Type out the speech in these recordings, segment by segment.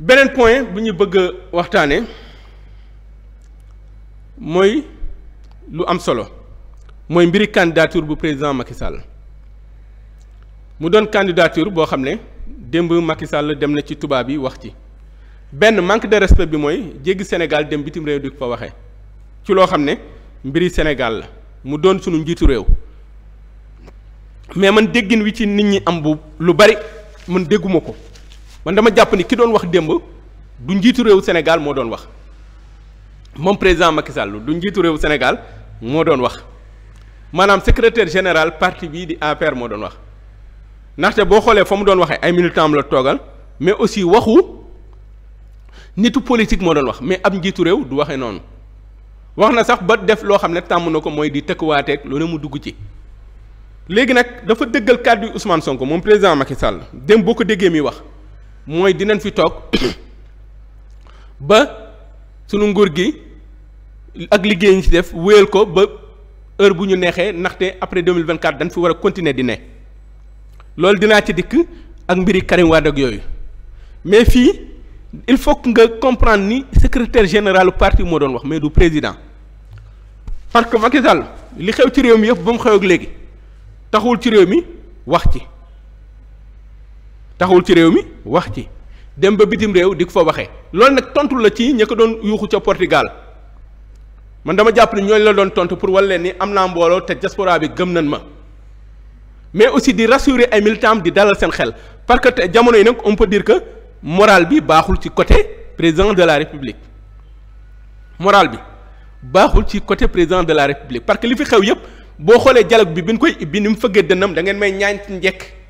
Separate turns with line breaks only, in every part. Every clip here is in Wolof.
beneen point bu ñu bëgg waxtaanee mooy lu am solo mooy mbiri candidature bu président Macky Sall mu doon candidature boo xam ne démb Macky Sall dem na ci tubaab yi wax ci benn manque de respect bi mooy jéggi Sénégal dem bitim réew di ko fa waxee ci loo xam ne mbiri Sénégal la mu doon sunu njiitu réew mais man déggin wi ci nit ñi am lu bari man dégguma ko man dama jàpp ni ki doon wax démb du njiitu réew Sénégal moo doon wax moom président Macky Sall du njiitu réew Sénégal moo doon wax maanaam secretaire général parti bii di APR moo doon wax ndaxte boo xoolee fa mu doon waxee ay militants am la toogal mais aussi waxu nitu politique moo doon wax mais ab njiitu réew du waxee noonu wax na sax ba def loo xam ne tàmm na ko mooy di tëkkuwaateeg ne mu dugg ci. léegi nag dafa dëggal kàddu Ousmane Sonko moom président Macky Sall dem boo ko déggee mi wax. mooy dinañ fi toog ba sunu nguur gi ak liggéey ñu ci def wéyal ko ba heure bu ñu neexee ndaxte après 2024 dañ fi war a continuer di ne loolu dinaa ci dikk ak mbiri Karim Wade ak yooyu mais fii il faut que nga comprendre ni secretaire général partie moo doon wax mais du président parce que Macky Sall li xew ci réew mi yëpp ba mu xew ak léegi taxul ci réew mi wax ci taxul ci réew mi wax ci dem ba bitim réew di ko fa waxee loolu nag tontu la ci ña ko doon yuuxu ca portigal man dama jàpp ni ñooñu la doon tontu pour wala leen ni am naa mbooloo te diaspora bi gëm nañ ma mais aussi di rassurer ay militants di dalal seen xel parce que te jamono yi nag on peut dire que moral bi baaxul ci côté président de la république moral bi baaxul ci côté président de la république parce li fi xew yëpp boo xoolee dialogue bi bi ñu koy ibbi ni mu fëggee dënnam da ngeen may ñaan ci njëkk.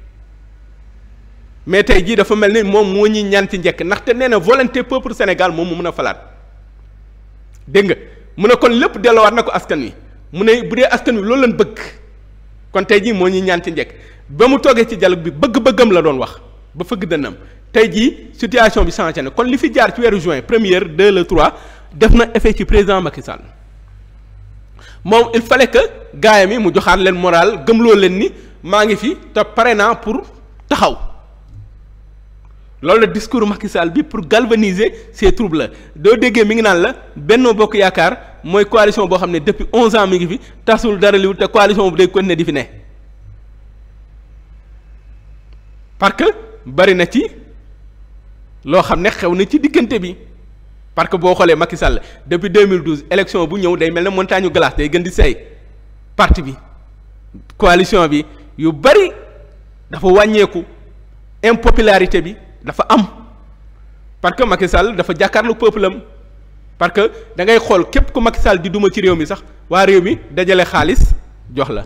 mais tey jii dafa mel ni moom moo ñuy ñaan ci njëkk ndaxte nee na volonté peuple Sénégal moom mu mën a falaat dégg nga mu ne kon lépp dellowaat na ko askan wi mu ne bu dee askan wi loolu lañ bëgg kon tey jii moo ñuy ñaan ci njekk ba mu toogee ci dialogue bi bëgg-bëggam la doon wax ba fëgg dënnam tey jii situation bi changé ne kon li fi jaar ci weeru juin première de le trois def na effet ci président Macky Sall moom il fallait que gaayam yi mu joxaat leen moral gëmloo leen ni maa ngi fi te pare naa pour taxaw. loolu na discours Macky Sall bi pour galvaniser ces troupes la doo déggee mi ngi naan la Benno Bokk Yaakaar mooy coalition boo xam ne depuis onze ans mi ngi fi tasul dara liwul te coalition bu day continuer di fi ne parce que bari na ci loo xam ne xew na ci diggante bi parce que boo xoolee Macky Sall depuis 2012 élection bu ñëw day mel ne montagne glace day gën di seey parti bi coalition bi yu bari dafa wàññeeku impopularité bi dafa am parce que Macky Sall dafa jàkkaarlu peuple am parce que da ngay xool képp ku Macky Sall di duma ci réew mi sax waa réew mi dajale xaalis jox la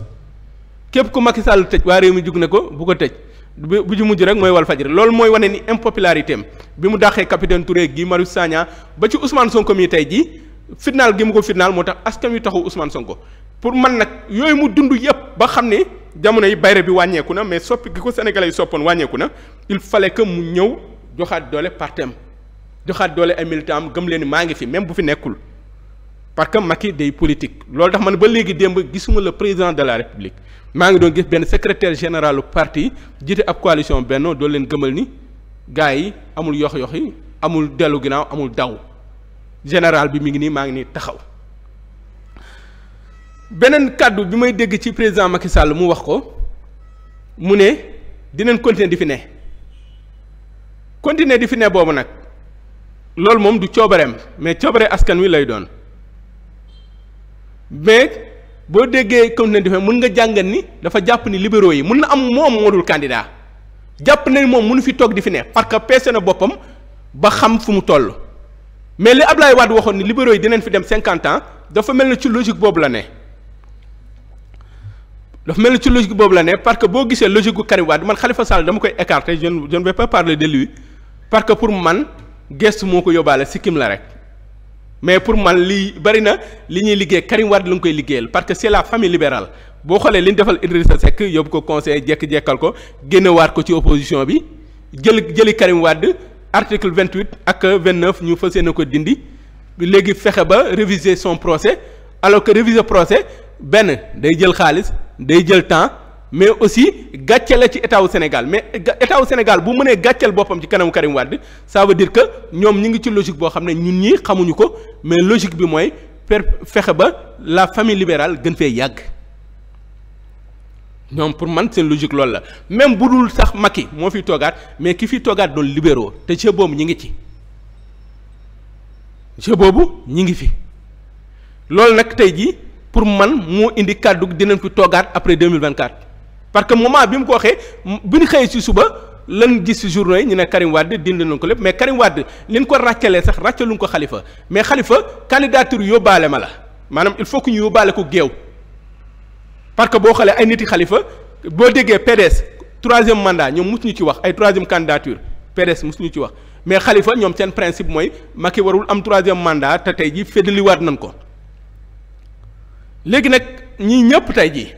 képp ku Macky Sall tëj waa réew mi jug na ko bu ko tëj bu ju mujj rek mooy wal fajri loolu mooy wane ni impopularité am bi mu dàqee capitaine Touré gi Marius Sagna ba ci Ousmane Sonko mi tey jii fitnaal gi mu ko fitnaal moo tax askan wi taxu Ousmane Sonko pour man nag yooyu mu dund yëpp ba xam ne jamono yi bayre bi wàññeeku na mais soppi gi ko sénégalais yi soppoon wàññeeku na il fallait que mu ñëw joxaat doole partem joxaat doole ay militant am gëm leen ni maa ngi fi même bu fi nekkul parce que yi day politique loolu tax man ba léegi démb gisuma la président de la république maa ngi doon gis benn secretaire général parti jiite ab coalition Benno doon leen gëmal ni gars yi amul yox yox yi amul dellu ginnaaw amul daw général bi mi ngi nii maa ngi nii taxaw beneen kàddu bi may dégg ci président Macky Sall mu wax ko mu ne dinañ continuer di fi ne continuer di fi ne boobu nag loolu moom du coobareem mais coobare askan wi lay doon mais boo déggee continuer di fi mun nga jàngat ni dafa jàpp ni libéraux yi mun na am moom moo dul candidat jàpp nañ moom mënu fi toog di fi ne parce que peese na boppam ba xam fu mu toll mais li Ablaye Wade waxoon ni libéraux yi dinañ fi dem cinquante ans dafa mel na ci logique boobu la ne. dafa mel ni ci logique boobu la ne parce que boo gisee logique gu Karim Wade man Khalifa Sall dama koy écarter je ne je ne vais pas parler de lui parce pour man geste moo ko yóbbaale sikkim la rek mais pour man lii bari na li ñuy liggéey Karim Wade la nga koy liggéeyal parce que c'est la famille libérale boo xoolee li ñu defal Idrissa Seck yóbbu ko conseil jekk-jekkal ko waat ko ci opposition bi jël jëli Karim Wade article vingt huit ak vingt neuf ñu fas yéene ko dindi léegi fexe ba réviser son procès alors que réviser procès benn day jël xaalis. day jël temps mais aussi gàcce la ci état wu Sénégal mais état wu Sénégal bu mënee gàcceel boppam ci kanamu Karim Wade ça veut dire que ñoom ñi ngi ci logique boo xam ne ñun ñii xamuñu ko mais logique bi mooy per fexe ba la famille libérale gën fee yàgg. ñoom pour man seen logique loolu la même bu dul sax Macky moo fi toogaat mais ki fi toogaat doon libéraux te jeu boobu ñi ngi ci jeu boobu ñi ngi fi loolu nag tey jii pour man moo indi kàddu dinañ fi toogaat après 2024 parce que moment bi mu ko waxee bi ñu xëyee ci suba lan gis ci journaux yi ñu ne Karim Wade dindi nañ ko lépp mais Karim Wade li ñu ko ràccalee sax ràccaluñ ko Khalifa mais Khalifa candidature yóbbaale ma la maanaam il faut que ñu yóbbaale ko géew parce que boo xoolee ay niti xalifa boo déggee PDS troisième mandat ñoom ñu ci wax ay troisième candidature PDS ñu ci wax mais xalifa ñoom seen principe mooy Macky warul am troisième mandat te tey jii féddaliwaat nañ ko. léegi nag ñii ñëpp tey jii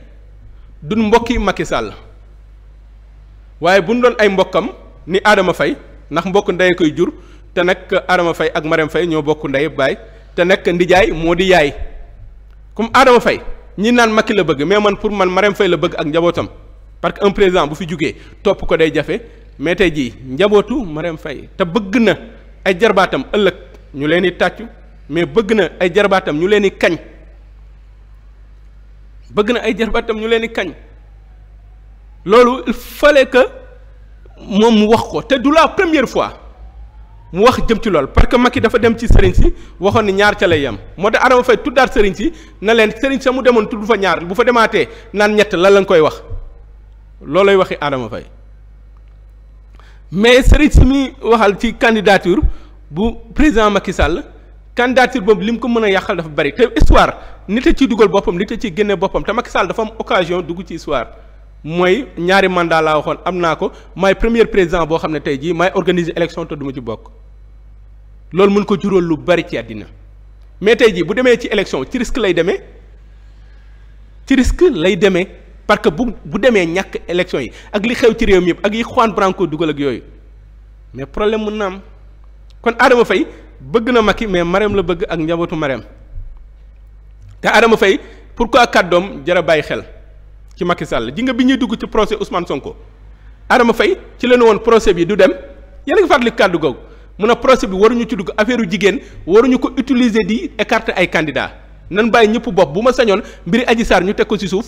duñ mbokki makki Sall waaye buñ doon ay mbokkam ni aadama Faye ndax mbokk ndey koy jur te nag Adama Faye ak Marème Faye ñoo bokk ndey baay te nag ndijaay moo di yaay comme Adama Faye ñi naan Macky la bëgg mais man pour man Marème Faye la bëgg ak njabootam parce que un président bu fi jugee topp ko day jafe mais tey jii njabootu Marème Faye te bëgg na ay jarbaatam ëllëg ñu leen di tàccu mais bëgg na ay jarbaatam ñu leen di kañ. bëgg na ay jarbaatam ñu leen di kañ loolu il fallait moom mu wax ko te du la première fois mu wax jëm ci lool parce que mag Macky dafa dem ci sëriñ si waxoon ni ñaar ca lay yem moo tax Adama Faye tuddaat sëriñ si na leen sëriñ sa mu demoon tudd fa ñaar bu fa demaatee naan ñett lan lañ koy wax loolay waxi Adama Faye mais sëriñ si muy waxal ci candidature bu président Macky sàll candidature boobu li mu ko mën a yàqal dafa bari te histoire nit a ciy dugal boppam nit a ci génne boppam te Macky Sall dafa am occasion dugg ci histoire mooy ñaari mandat laa waxoon am naa ko maay première président boo xam ne tey jii maay organiser élection te duma ci bokk loolu mën ko jural lu bari ci àddina mais tey jii bu demee ci élection ci risque lay demee ci risque lay demee parce que bu bu demee ñàkk élection yi ak li xew ci réew mi yëpp ak yi Juan Branco dugal ak yooyu mais problème mën na am kon Adama Faye bëgg na Macky mais Marème la bëgg ak njabootu Marème te Adama pour pourquoi kàddoom jara bàyyi xel ci Macky Sall ji nga bi ñuy dugg ci procès Ousmane Sonko Adama Faye ci la ñu woon procès bi du dem yeneen a ngi fàttali kàddu googu mu ne procès bi waruñu ci dugg affaire yu jigéen waruñu ko utiliser di écarter ay candidats nan bàyyi ñëpp bopp bu ma sañoon mbiri aji Sarr ñu teg ko ci suuf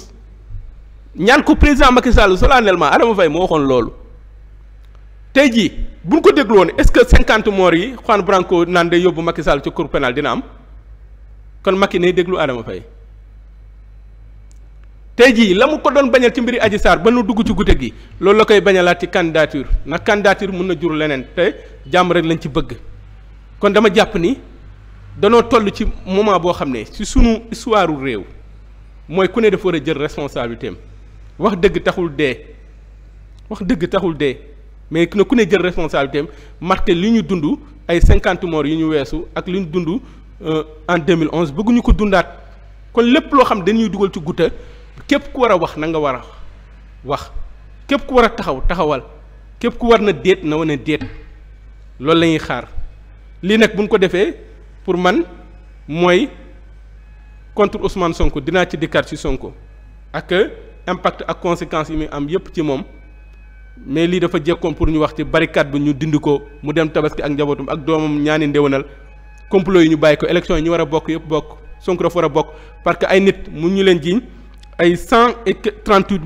ñaan ko président Macky Sall solennellement Adama fay moo waxoon loolu. tey jii buñ ko déglu woon est-ce que cinquante morts yi Juan Branco naan day yóbbu Macky Sall ci cour pénal dina am kon Macky nay déglu Adama Faye tey jii la mu ko doon bañal ci mbiri Adji saar ba nu dugg ci guddi gi loolu la koy bañalaat ci candidature ndax candidature mun na jur leneen te jàmm rek lañ ci bëgg kon dama jàpp ni danoo toll ci moment boo xam ne ci sunu histoire réew mooy ku ne dafa war a jël responsabilité am wax dëgg taxul dee wax dëgg taxul dee. mais ki ne ku ne jël responsabilité am marqué li ñu dund ay cinquante morts yi ñu weesu ak li ñu dund euh, en 2011 bëgguñu ko dundaat kon lépp loo xam dañuy dugal ci guta képp ku war a wax na nga war a wax képp ku war a taxaw taxawal képp ku war na déet na wane déet loolu la ñuy xaar lii nag bu ñu ko defee pour man mooy contre Ousmane Sonko dinaa ci dikkaat ci Sonko ak impact ak conséquences yi muy am yépp ci moom mais lii dafa jekkoon pour ñu wax ci barricade bi ñu dindi ko mu dem tabaski ak njabootum ak doomam ñaani ndéwénal complot yi ñu bàyyi ko élection yi ñu war a bokk yëpp bokk Sonko dafa war a bokk parce que ay nit mu ñu leen jiiñ ay cent et trente-huit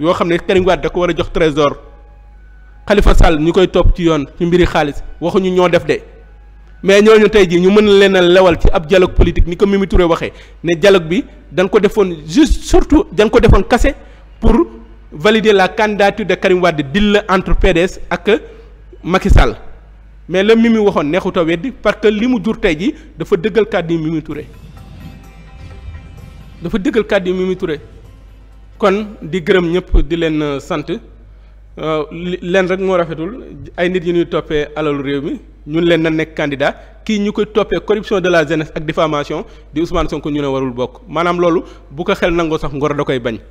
yoo xam ne Karim Wade da ko war a jox trésor Khalifa Sall ñu koy topp ci yoon ci mbiri xaalis waxuñu ñoo def de mais ñooñu tey jii ñu mën leen a lewal ci ab dialogue politique ni ko Mimi Touré waxee ne dialogue bi dañ ko defoon juste surtout dañ ko defoon kase pour. valider la candidature de Karim Wade dil entrepedes ak Macky Sall mais la muy waxoon neexut a weddi parce que li mu jur tey ji dafa dëggal kàddu mi Mimi Touré dafa dëggal kàddu yi Mimi Touré kon di gërëm ñëpp di leen sant euh, leen rek moo rafetul ay nit yu ñuy toppee alalu réew mi ñun leen na nekk candidat kii ñu koy toppee corruption de la jeunesse ak diffamation di Ousmane Sonko ñu ne warul bokk maanaam loolu bu ko xel nangoo sax ngoro da koy bañ.